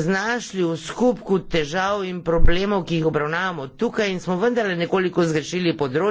znašli v skupku težav in problemov, ki jih obravnavamo tukaj in smo vendarle nekoliko zgrešili področje.